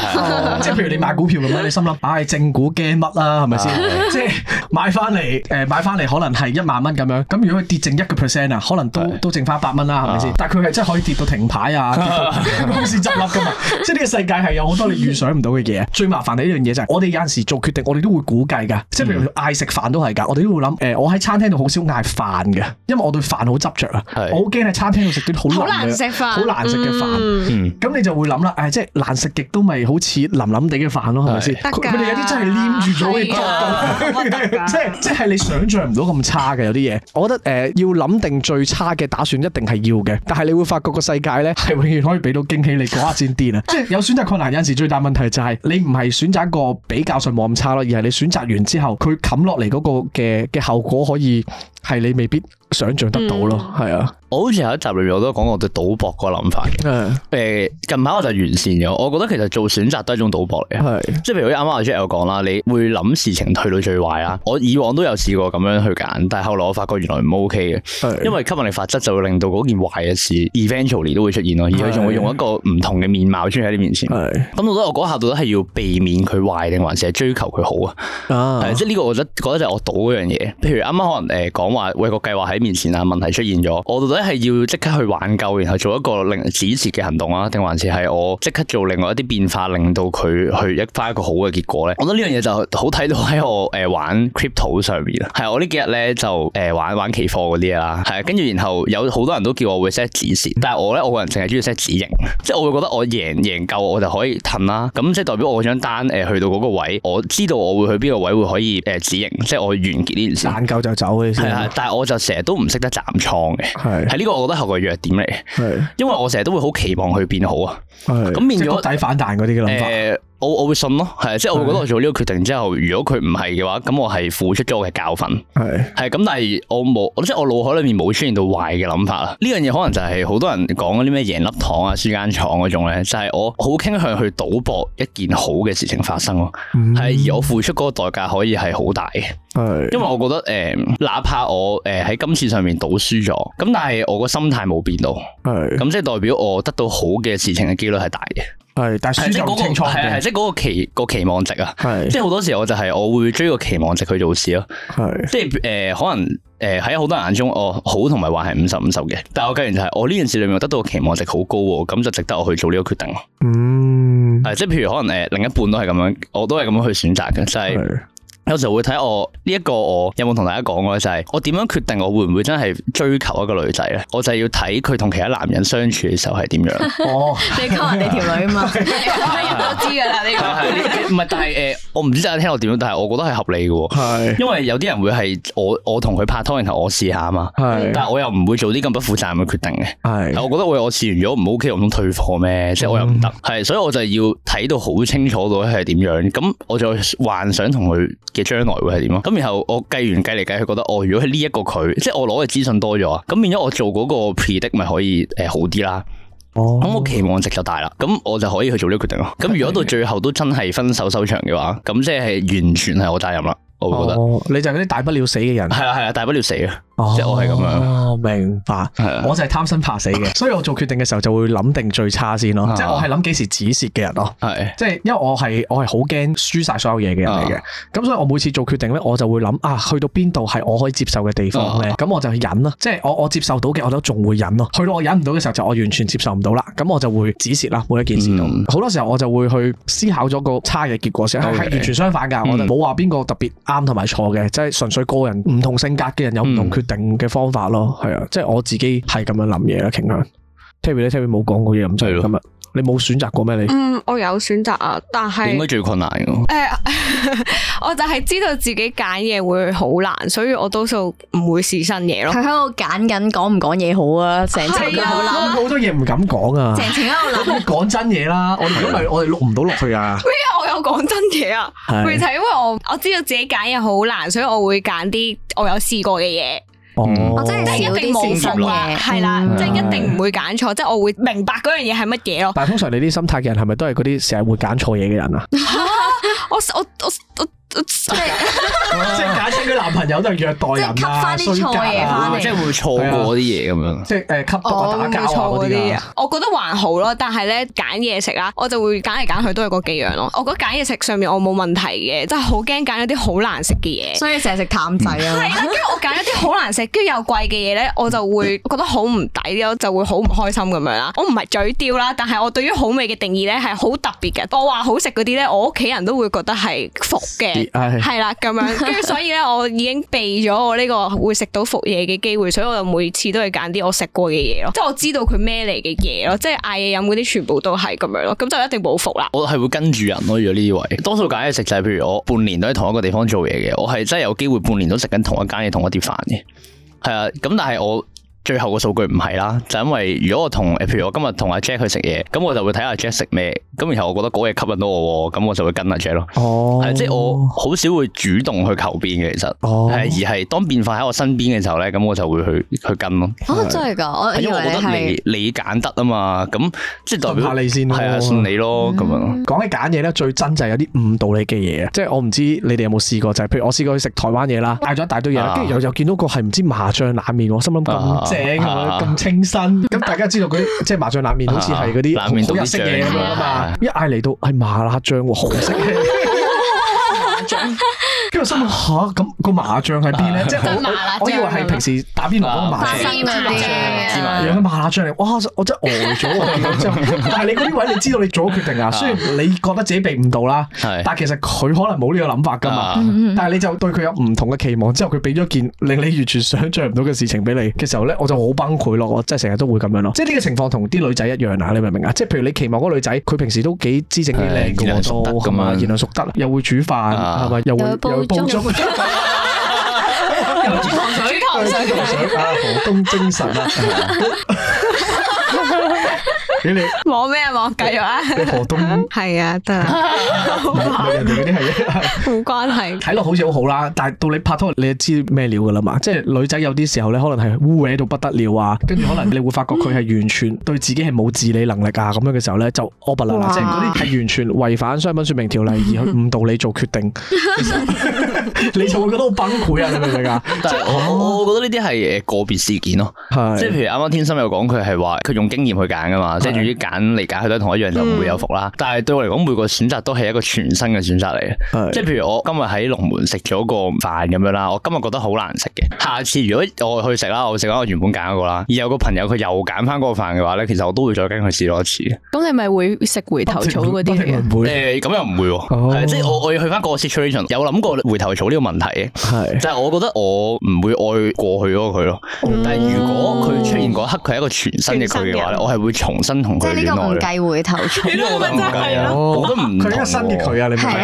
即係譬如你買股票咁樣，你心諗，哎正股驚乜啦？係咪先？即係買翻嚟，誒，買翻嚟可能係一萬蚊咁樣。咁如果佢跌剩一個 percent 啊，可能都都剩翻八蚊啦，係咪先？但係佢係真係可以跌到停牌啊，公司執笠。即係呢個世界係有好多你預想唔到嘅嘢，最麻煩嘅一樣嘢就係我哋有陣時做決定，我哋都會估計㗎。即係譬如嗌食飯都係㗎，我哋都會諗誒，我喺餐廳度好少嗌飯嘅，因為我對飯好執着啊。我好驚喺餐廳度食啲好難食飯，好難食嘅飯。咁你就會諗啦，誒，即係難食極都咪好似腍腍地嘅飯咯，係咪先？佢哋有啲真係黏住咗嘅質素，即係即係你想象唔到咁差嘅有啲嘢。我覺得誒要諗定最差嘅打算一定係要嘅，但係你會發覺個世界咧係永遠可以俾到驚喜你嗰一。啊、即係是 *laughs* 有選擇困難，有陣時最大問題就係你唔係選擇一個比較上冇咁差咯，而係你選擇完之後，佢冚落嚟嗰個嘅嘅後果可以係你未必想象得到咯，係、嗯、啊，我好似有一集裏面我都講過對賭博個諗法，誒是、欸，近排我就完善咗，我覺得其實做選擇都係一種賭博嚟，係是，即係譬如啱啱阿 J L 講啦，你會諗事情退到最壞啦，我以往都有試過咁樣去揀，但係後來我發覺原來唔 OK 嘅，是因為吸引力法則就會令到嗰件壞嘅事 eventually 都會出現咯，而佢仲會用一個唔同嘅面貌出現喺你面前，係是，咁、嗯、我覺得我嗰下到底係要避免佢壞定還是係追求佢好啊？嗯、即係呢個我覺得就係我賭嗰樣嘢，譬如啱啱可能誒講話會有個計劃喺。面前啊，問題出現咗，我到底係要即刻去挽救，然後做一個令止蝕嘅行動啊，定還是係我即刻做另外一啲變化，令到佢去一番一個好嘅結果咧？我覺得呢樣嘢就好睇到喺我誒玩 crypto 上面啊。係啊，我幾呢幾日咧就誒、欸、玩玩期貨嗰啲啊，係啊，跟住然後有好多人都叫我會 set 止蝕，但係我咧我個人淨係中意 set 止盈， *laughs* 即係我會覺得我贏贏夠我就可以停啦。咁即係代表我張單誒去到嗰個位，我知道我會去邊個位會可以誒、呃、止盈，即係我完結呢件事賺夠就走嘅先。係啊對，但係我就成日都。都唔識得斬倉嘅，係，係呢個我覺得係個弱點嚟，係是因為我成日都會好期望佢變好啊，咁是變咗谷底反彈嗰啲嘅諗法。呃我我會信咯，係，即係我會覺得我做呢個決定之後，的如果佢唔係嘅話，咁我係付出咗我嘅教訓，係的，係咁，但係我冇，即係我腦海裏面冇出現到壞嘅諗法啊。呢樣嘢可能就係好多人講嗰啲咩贏粒糖啊，輸間廠嗰種咧，就係、是、我好傾向去賭博一件好嘅事情發生咯，係的，而我付出嗰個代價可以係好大嘅，係的，因為我覺得誒、呃，哪怕我誒喺、呃、今次上面賭輸咗，咁但係我個心態冇變到，係的，咁的即係代表我得到好嘅事情嘅幾率係大嘅。係，但係輸就唔清係即係、那、嗰、個那個期、那個期望值啊，的即係好多時候我就係我會追個期望值去做事咯。係的，即係誒、呃，可能誒喺好多人眼中哦好同埋話係五十五十嘅，但係我計完就係我呢件事裏面我得到個期望值好高，咁就值得我去做呢個決定。嗯，誒，即係譬如可能誒、呃、另一半都係咁樣，我都係咁樣去選擇嘅，就係、是。有時會睇，我呢一個我有冇同大家講過，就係我點樣決定我會唔會真係追求一個女仔咧？我就要睇佢同其他男人相處嘅時候係點樣。哦， *laughs* 你講人哋條女啊嘛，的 *laughs* 的你都知噶啦。你唔係，但係誒、呃，我唔知大家聽我點樣，但係我覺得係合理嘅。因為有啲人會係我我同佢拍拖，然後我試下啊嘛。係的，但我又唔會做啲咁不負責任嘅決定嘅。係的，但我覺得我試我試完咗果唔 OK，我唔通退貨咩？即、就、係、是、我又唔、嗯、得。係、嗯，所以我就要睇到好清楚到底係點樣。咁我就、嗯、幻想同佢，嘅將來會係點咯？咁然後我計完計嚟計去，覺得哦，如果係呢一個佢，即係我攞嘅資訊多咗啊，咁變咗我做嗰個 predict 咪可以誒好啲啦。咁、哦、我期望值就大啦，咁我就可以去做呢個決定咯。咁的如果到最後都真係分手收場嘅話，咁即係完全係我責任啦。我會覺得、哦、你就係嗰啲大不了死嘅人，係啊係啊，大不了死啊！哦，即係我係咁樣，明白，我就係貪生怕死嘅，所以我做決定嘅時候就會諗定最差先咯，即係我係諗幾時止蝕嘅人咯，係，即係因為我係我係好驚輸晒所有嘢嘅人嚟嘅，咁所以我每次做決定咧，我就會諗啊，去到邊度係我可以接受嘅地方，咁我就去忍啦，即係我我接受到嘅，我都仲會忍咯，去到我忍唔到嘅時候就我完全接受唔到啦，咁我就會止蝕啦，每一件事都，好多時候我就會去思考咗個差嘅結果先，係完全相反噶，我冇話邊個特別啱同埋錯嘅，即係純粹個人唔同性格嘅人有唔同定嘅方法咯，係啊，即係我自己係咁樣諗嘢啦。傾向，Terry 咧，Terry 冇講過嘢咁真，就今日你冇選擇過咩？你嗯，我有選擇啊，但係點解最困難誒，我就係知道自己揀嘢會好難，所以我多數唔會試新嘢咯。喺度揀緊講唔講嘢好啊？成程喺度諗，好多嘢唔敢講啊。成程喺度諗，你都講真嘢啦。我如果係，我哋錄唔到落去啊。我有講真嘢啊。具體因為我我知道自己揀嘢好難，所以我會揀啲我有試過嘅嘢。Oh, 哦，哦即係、嗯、對一定冇錯嘅，係啦、嗯，即係一定唔會揀錯，即係我會明白嗰樣嘢係乜嘢咯。但係通常你啲心態嘅人係咪都係嗰啲成日會揀錯嘢嘅人啊？我我 *laughs* 我。我我我 *laughs* 即係即係，假設佢男朋友都就虐待人嚟，即係會錯過啲嘢咁樣，即係誒，吸毒啊，打交嗰啲啊。我覺得還好咯，但係咧揀嘢食啦，我就會揀嚟揀去都係嗰幾樣咯。我覺得揀嘢食上面我冇問題嘅，即係好驚揀一啲好難食嘅嘢。所以成日食淡仔啊！ *laughs* *laughs* 係啦，跟住我揀一啲好難食，跟住又貴嘅嘢咧，我就會覺得好唔抵咯，就會好唔開心咁樣啦。我唔係嘴刁啦，但係我對於好味嘅定義咧係好特別嘅。我話好食嗰啲咧，我屋企人都會覺得係服嘅。係啦，咁 *music* 樣，跟住所以咧，我已經避咗我呢個會食到伏嘢嘅機會，所以我就每次都係揀啲我食過嘅嘢咯，即係我知道佢咩嚟嘅嘢咯，即係嗌嘢飲嗰啲全部都係咁樣咯，咁就一定冇伏啦。我係會跟住人咯，啊，如果呢啲位，多數揀嘢食就係、是、譬如我半年都喺同一個地方做嘢嘅，我係真係有機會半年都食緊同一間嘢同一碟飯嘅，係啊，咁但係我。最後個數據唔係啦，就因為如果我同譬如我今日同阿 Jack 去食嘢，咁我就會睇下 Jack 食咩，咁然後我覺得嗰嘢吸引到我，咁我就會跟阿 Jack 咯。哦、oh.，即係我好少會主動去求變嘅，其實哦、oh.，而係當變化喺我身邊嘅時候咧，咁我就會去去跟咯。哦、oh, 是，真係噶，因為我覺得你你揀得啊嘛，咁即係代表下你先、啊、你咯，係啊、嗯，信你咯咁樣。講起揀嘢咧，最真就係有啲冇道理嘅嘢，即係我唔知你哋有冇試過，就係、是、譬如我試過去食台灣嘢啦，帶咗一大堆嘢，跟住又又見到個係唔知麻醬冷麵，我心諗正係咁清新，咁 *laughs* 大家知道嗰啲即係麻醬辣麵，好似係嗰啲日式嘢咁啊嘛，一嗌嚟 *laughs* 到係麻辣醬喎 *laughs* 紅色。 *laughs* 跟住我心諗嚇，咁個麻醬喺邊咧？即係我以為係平時打邊爐嗰個麻醬，芝麻醬，有麻辣醬嚟。哇！我真係呆咗，之後，但係你嗰啲位你知道你做咗決定啊。雖然你覺得自己避唔到啦，但係其實佢可能冇呢個諗法㗎嘛。但係你就對佢有唔同嘅期望，之後佢俾咗件令你完全想象唔到嘅事情俾你嘅時候咧，我就好崩潰咯。我真係成日都會咁樣咯。即係呢個情況同啲女仔一樣啊！你明唔明啊？即係譬如你期望嗰個女仔，佢平時都幾姿整幾靚嘅喎，都係嘛？賢良淑德，又會煮飯係咪？又會煲咗個湯啊！又煮糖水糖水啊！河東精神啊！ *laughs* 你望咩啊望，繼續啊！河東係啊，得啦，冇人哋嗰啲係啊，冇關係。睇落好似好好啦，但係到你拍拖，你就知咩料噶啦嘛？即係女仔有啲時候咧，可能係污歪到不得了啊，跟住可能你會發覺佢係完全對自己係冇自理能力啊，咁樣嘅時候咧，就屙白啦啦聲嗰啲係完全違反商品說明條例而去誤導你做決定，你就會覺得好崩潰啊！你明唔明噶，但係我我覺得呢啲係誒個別事件咯，即係譬如啱啱天心又講佢係話佢用經驗去揀噶嘛。仲要揀嚟揀去都同一樣，就唔會有福啦。但係對我嚟講，每個選擇都係一個全新嘅選擇嚟嘅。即係的譬如我今日喺龍門食咗個飯咁樣啦，我今日覺得好難食嘅。下次如果我去食啦，我食咗我原本揀嗰個啦。而有個朋友佢又揀翻嗰個飯嘅話咧，其實我都會再跟佢試多一次。咁你咪會食回頭草嗰啲嘅？誒，咁、啊呃、又唔會喎，啊。即係我我要去翻個 situation，有諗過回頭草呢個問題嘅。係，oh. 就係我覺得我唔會愛過去嗰個佢咯。但係如果佢出現嗰刻，佢係一個全新嘅佢嘅話咧，oh. 我係會重新。即係呢個唔計回頭錯，呢個係唔計嘅，我都唔佢一個新嘅佢啊！你都係，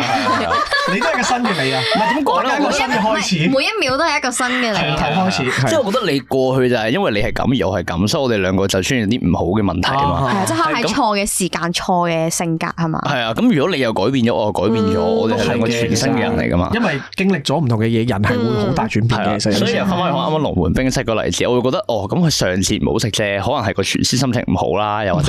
你都係一個新嘅你啊！唔係咁講緊一個新嘅開始，每一秒都係一個新嘅你開始。即係我覺得你過去就係因為你係咁，而我係咁，所以我哋兩個就出現啲唔好嘅問題啊嘛。係啊，即係喺錯嘅時間、錯嘅性格係嘛。係啊，咁如果你又改變咗，我又改變咗，我哋係個全新嘅人嚟㗎嘛？因為經歷咗唔同嘅嘢，人係會好大轉變嘅。所以啱啱啱啱龍門冰室個例子，我會覺得哦，咁佢上次唔好食啫，可能係個廚師心情唔好啦，又。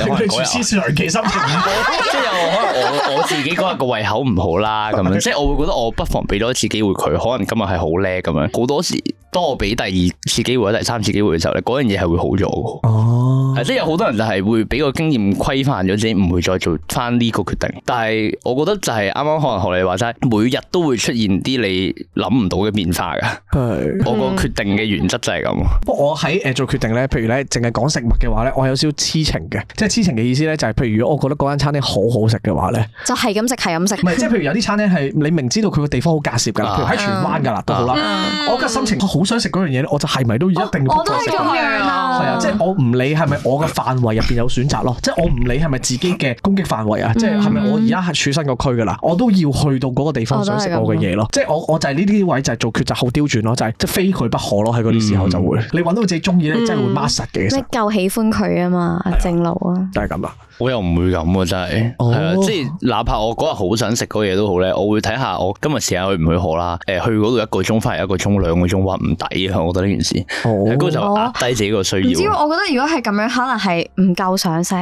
你廚師是來自心田，即係可能我我自己嗰日個胃口唔好啦，咁樣 *laughs* 即係我會覺得我不妨俾多一次機會佢，可能今日係好叻咁樣，好多時當我俾第二次機會或者第三次機會嘅時候咧，嗰樣嘢係會好咗嘅。哦、啊，即係有好多人就係會俾個經驗規範咗自己，唔會再做翻呢個決定。但係我覺得就係啱啱可能學你話齋，每日都會出現啲你諗唔到嘅變化噶。是 *laughs* 我個決定嘅原則就係咁。嗯、 *laughs* 不過我喺誒做決定咧，譬如咧淨係講食物嘅話咧，我有少少痴情嘅，即痴情嘅意思咧，就係譬如如果我覺得嗰間餐廳好好食嘅話咧，就係咁食，係咁食。唔係即係譬如有啲餐廳係你明知道佢個地方好隔涉㗎啦，譬如喺荃灣㗎啦都好啦。我嘅心情好想食嗰樣嘢，我就係咪都一定要搏一搏食咁樣？係啊，即係我唔理係咪我嘅範圍入邊有選擇咯，即係我唔理係咪自己嘅攻擊範圍啊，即係係咪我而家係處身個區㗎啦，我都要去到嗰個地方想食我嘅嘢咯。即係我我就係呢啲位就係做抉擇好刁轉咯，就係即係非佢不可咯。喺嗰啲時候就會你揾到自己中意咧，真係會 mark 實嘅。夠喜歡佢啊嘛，阿正路。都係咁啊！我又唔會咁啊，真係係啊！即係哪怕我嗰日好想食嗰嘢都好咧，我會睇下我今日時間，去唔去學啦。誒、呃，去嗰度一個鐘，返嚟一個鐘兩個鐘，話唔抵啊！我覺得呢件事，嗰、oh. 時候壓低自己個需要。唔知、oh. 我覺得如果係咁樣，可能係唔夠想食。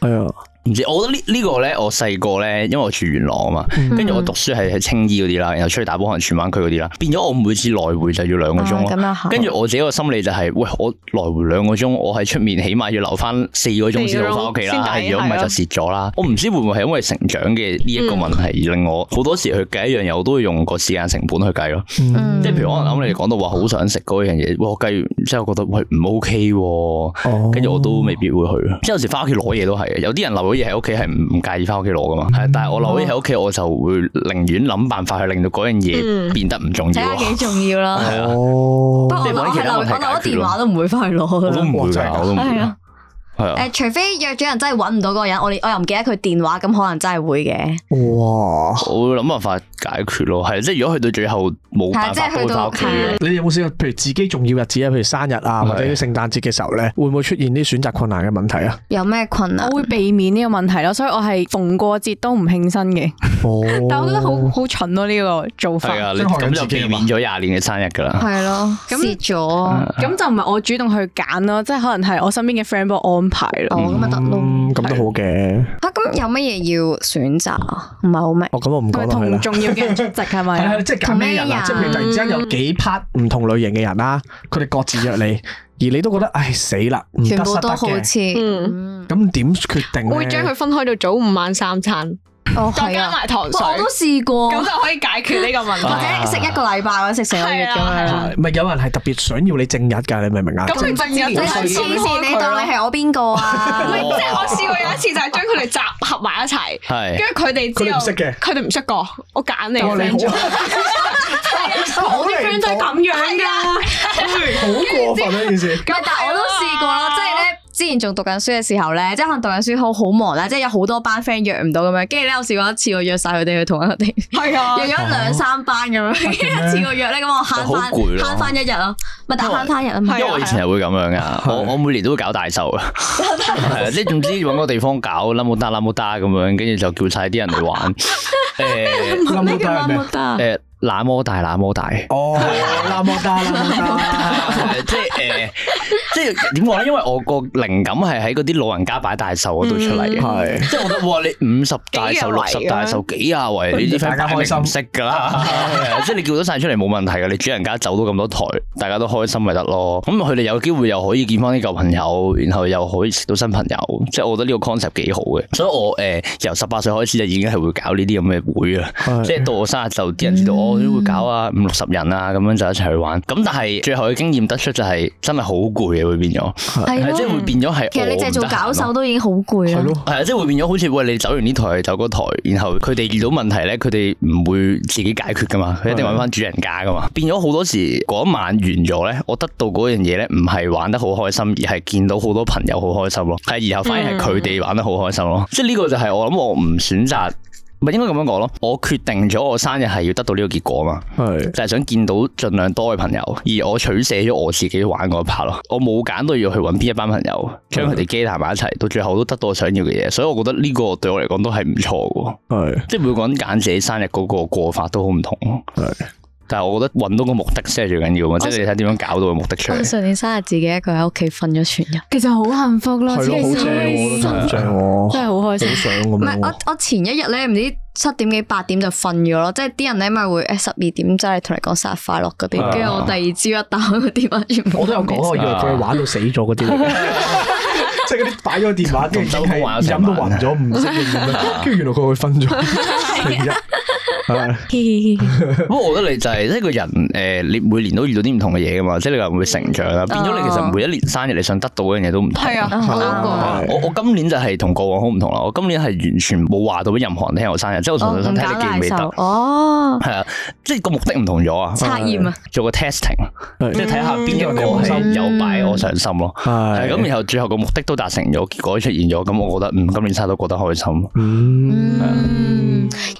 係啊。唔知，我覺得呢呢個咧，我細個咧，因為我住元朗啊嘛，跟住、mm hmm. 我讀書係喺青衣嗰啲啦，然後出去打波可能荃灣區嗰啲啦，變咗我每次來回就要兩個鐘咯。跟住、啊、我自己個心理就係、是，喂，我來回兩個鐘，我喺出面起碼要留翻四個鐘先到翻屋企啦，但係如果唔係就蝕咗啦。哦、我唔知會唔會係因為成長嘅呢一個問題而、mm hmm. 令我好多時去計一樣嘢，我都會用個時間成本去計咯。即係譬如可能啱啱你講到話好想食嗰樣嘢，我計完之後覺得喂，唔 OK 跟住我都未必會去。即係、oh. 有時翻屋企攞嘢都係，有啲人留。嘢喺屋企係唔唔介意返屋企攞㗎嘛，係，嗯，但係我留喺喺屋企，我就會寧願諗辦法去令到嗰樣嘢變得唔重要。睇幾、嗯、重要咯，係啊，哦，不過你係留，我留咗電話都唔會返去攞㗎，都唔會啊，係啊。的誒， *music* 除非約咗人真係搵唔到嗰個人，我我又唔記得佢電話，咁可能真係會嘅。哇，我會諗辦法解決咯，係，即係如果去到最後冇辦法去到達佢，的你有冇試過？譬如自己重要日子啊，譬如生日啊，或者聖誕節嘅時候咧，的會唔會出現啲選擇困難嘅問題啊？有咩困難？我會避免呢個問題咯，所以我係逢過節都唔慶生嘅。哦，但我覺得好好蠢咯、啊、呢、呢個做法。係啊，你咁就避免咗廿年嘅生日噶啦。係咯，咗，咁就唔係我主動去揀咯，即係可能係我身邊嘅 friend 安排咯，咁咪得咯，咁都、嗯、好嘅。吓、啊，咁有乜嘢要選擇啊？唔係好明。哦，咁我唔咁樣啦。同重要嘅人出席係咪？ *laughs* 吧 *laughs* 即係揀啲人啊！人即係譬如突然之間有幾 part 唔同類型嘅人啦、啊，佢哋各自約你， *laughs* 而你都覺得唉死啦，唔得失得嘅。全部都好似，咁點、嗯嗯、決定咧？我會將佢分開到早午晚三餐。再加埋糖水，我都試過，咁就可以解決呢個問題。或者食一個禮拜或者食成個月咁樣，有人係特別想要你正日㗎，你明唔明啊？咁你正日，之間黐線，你當你係我邊個？即係我試過有一次就係將佢哋集合埋一齊，跟住佢哋之後佢哋唔識嘅，佢哋唔識個，我揀你，我哋 friend 都係咁樣㗎，好過分呢件事，但係我都試過啦。之前仲讀緊書嘅時候咧，即係可能讀緊書好好忙啦，即係有好多班 friend 約唔到咁樣，跟住咧我試過一次我約晒佢哋去同一個地，係啊，約咗兩三班咁樣，一次我約咧，咁我慳翻慳翻一日咯，咪大慳他日啊，因為我以前係會咁樣噶我我每年都會搞大壽啊，係啊，你總之搵個地方搞啦，冇得啦冇得！咁樣，跟住就叫晒啲人嚟玩，誒，冇得啦冇那麼大，那麼大。哦，那麼 *laughs* 大，那、 *laughs* uh, 即係誒、呃，即係點講咧？因為我個靈感係喺嗰啲老人家擺大壽嗰度出嚟嘅，係、嗯。即係我覺得，哇！你五 *laughs* 十大壽、六十大壽幾廿喂，你啲 friend 識㗎啦。 *laughs* 即係你叫咗晒出嚟冇問題㗎。你主人家走到咁多台，大家都開心咪得咯。咁佢哋有機會又可以見翻啲舊朋友，然後又可以識到新朋友。即係我覺得呢個 concept 幾好嘅，所以我誒、呃、由十八歲開始就已經係會搞呢啲咁嘅會啦。即係到我生日就。啲人知道我、嗯。我都、嗯、會搞啊，五六十人啊，咁樣就一齊去玩。咁但係最後嘅經驗得出就係、係，真係好攰嘅會變咗，係即係會變咗係。其實你淨係做搞手、啊、都已經好攰啦，係咯。係啊，即係、嗯、會變咗，好似喂，你走完呢台，走嗰台，然後佢哋遇到問題咧，佢哋唔會自己解決噶嘛，佢一定揾翻主人家噶、嗯、嘛。變咗好多時，嗰晚完咗咧，我得到嗰樣嘢咧，唔係玩得好開心，而係見到好多朋友好開心咯。係、嗯，然後反而係佢哋玩得好開心咯。即係呢個就係我諗我唔選擇。咪係應該咁樣講咯，我決定咗我生日係要得到呢個結果啊嘛，是就係想見到盡量多嘅朋友，而我取捨咗我自己玩嗰一 part 咯，我冇揀到要去揾邊一班朋友將佢哋 gather 埋一齊，是到最後都得到我想要嘅嘢，所以我覺得呢個對我嚟講都係唔錯嘅，是即係每個人揀自己生日嗰個過法都好唔同。但係我覺得揾到個目的先係最緊要啊！即係你睇點樣搞到個目的出嚟。上年生日自己一個喺屋企瞓咗全日，其實好幸福咯！真係好正，真係好開心。唔係我我前一日咧，唔知七點幾八點就瞓咗咯，即係啲人咧咪會誒十二點真係同你講生日快樂嗰啲，跟住我第二朝一打開個電話就冇。我都有講啊，以為佢玩到死咗嗰啲，即係嗰啲擺咗電話跟住等我玩，飲到暈咗唔識嘅，跟住原來佢會瞓咗。係，不過我覺得你就係即係個人誒，你每年都遇到啲唔同嘅嘢噶嘛，即係你又會成長啦，變咗你其實每一年生日，你想得到嗰樣嘢都唔同。我我今年就係同過往好唔同啦，我今年係完全冇話到俾任何人聽我生日，即係我純粹想睇下見未得。哦，係啊，即係個目的唔同咗啊。測驗啊，做個 testing，即係睇下邊一個我係由擺我上心咯。咁然後最後個目的都達成咗，結果都出現咗，咁我覺得今年差都過得開心。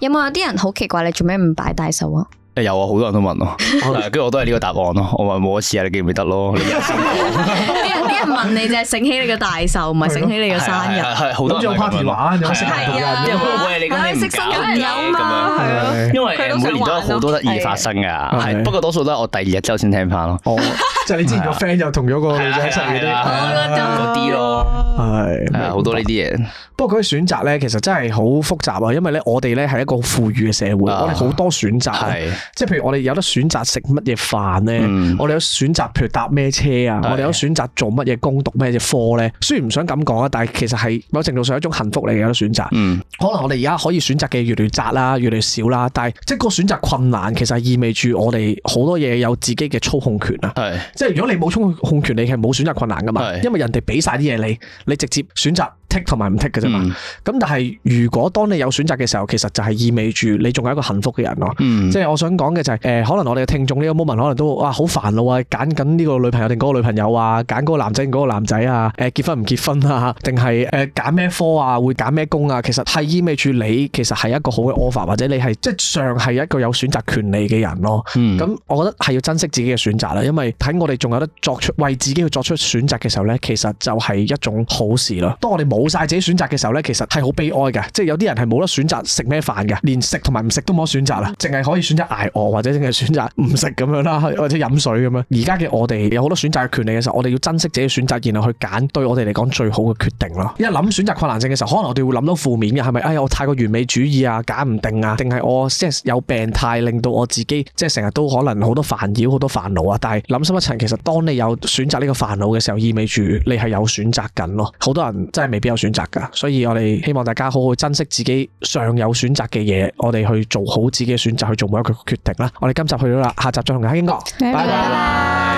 有冇有啲人好奇？話你做咩唔擺大壽啊？有啊，好多人都問咯，跟住我都係呢個答案咯。我話冇一次啊，你記唔記得咯？啲人啲人問你淨係，醒起你個大壽，唔係醒起你個生日。係好多張 party 畫，識到人，啲人喂你唔教啊，因為每年都有好多得意發生噶，係不過多數都係我第二日之後先聽翻咯。就你之前個 friend 又同咗個女仔一齊嗰啲咯，係好多呢啲嘢。不過佢啲選擇咧，其實真係好複雜啊。因為咧，我哋咧係一個富裕嘅社會，我哋好多選擇。係即係譬如我哋有得選擇食乜嘢飯咧，我哋有選擇譬如搭咩車啊，我哋有選擇做乜嘢工、讀咩嘢科咧。雖然唔想咁講啊，但係其實係某程度上一種幸福嚟嘅，有得選擇。可能我哋而家可以選擇嘅越嚟越窄啦，越嚟越少啦。但係即係個選擇困難，其實意味住我哋好多嘢有自己嘅操控權啊。係。即係如果你冇操控權，你係冇選擇困難嘛，的因為人哋畀晒啲嘢你，你直接選擇。同埋唔剔嘅啫嘛，咁、right? mm. 但係如果當你有選擇嘅時候，其實就係意味住你仲係一個幸福嘅人咯。即係、mm. 我想講嘅就係、是，誒、呃，可能我哋嘅聽眾呢個 moment 可能都，哇，好煩惱啊，揀緊呢個女朋友定嗰個女朋友啊，揀嗰個男仔定嗰個男仔啊，誒、呃，結婚唔結婚啊，定係誒揀咩科啊，會揀咩工啊，其實係意味住你其實係一個好嘅 offer，或者你係即上尚係一個有選擇權利嘅人咯。咁、mm. 嗯、我覺得係要珍惜自己嘅選擇啦，因為喺我哋仲有得作出為自己去作出選擇嘅時候咧，其實就係一種好事咯。當我哋冇。冇晒自己選擇嘅時候呢，其實係好悲哀嘅，即係有啲人係冇得選擇食咩飯嘅，連食同埋唔食都冇得選擇啦，淨係可以選擇挨餓或者淨係選擇唔食咁樣啦，或者飲水咁樣。而家嘅我哋有好多選擇嘅權利嘅時候，我哋要珍惜自己選擇，然後去揀對我哋嚟講最好嘅決定咯。一諗選擇困難症嘅時候，可能我哋會諗到負面嘅，係咪哎呀我太過完美主義啊，揀唔定啊，定係我即係有病態令到我自己即係成日都可能好多煩擾、好多煩惱啊？但係諗深一層，其實當你有選擇呢個煩惱嘅時候，意味住你係有選擇緊咯。好多人真係未必選擇噶，所以我哋希望大家好好珍惜自己尚有選擇嘅嘢，我哋去做好自己嘅選擇，去做每一個決定啦。我哋今集去到啦，下集再同大家傾過，拜拜。拜拜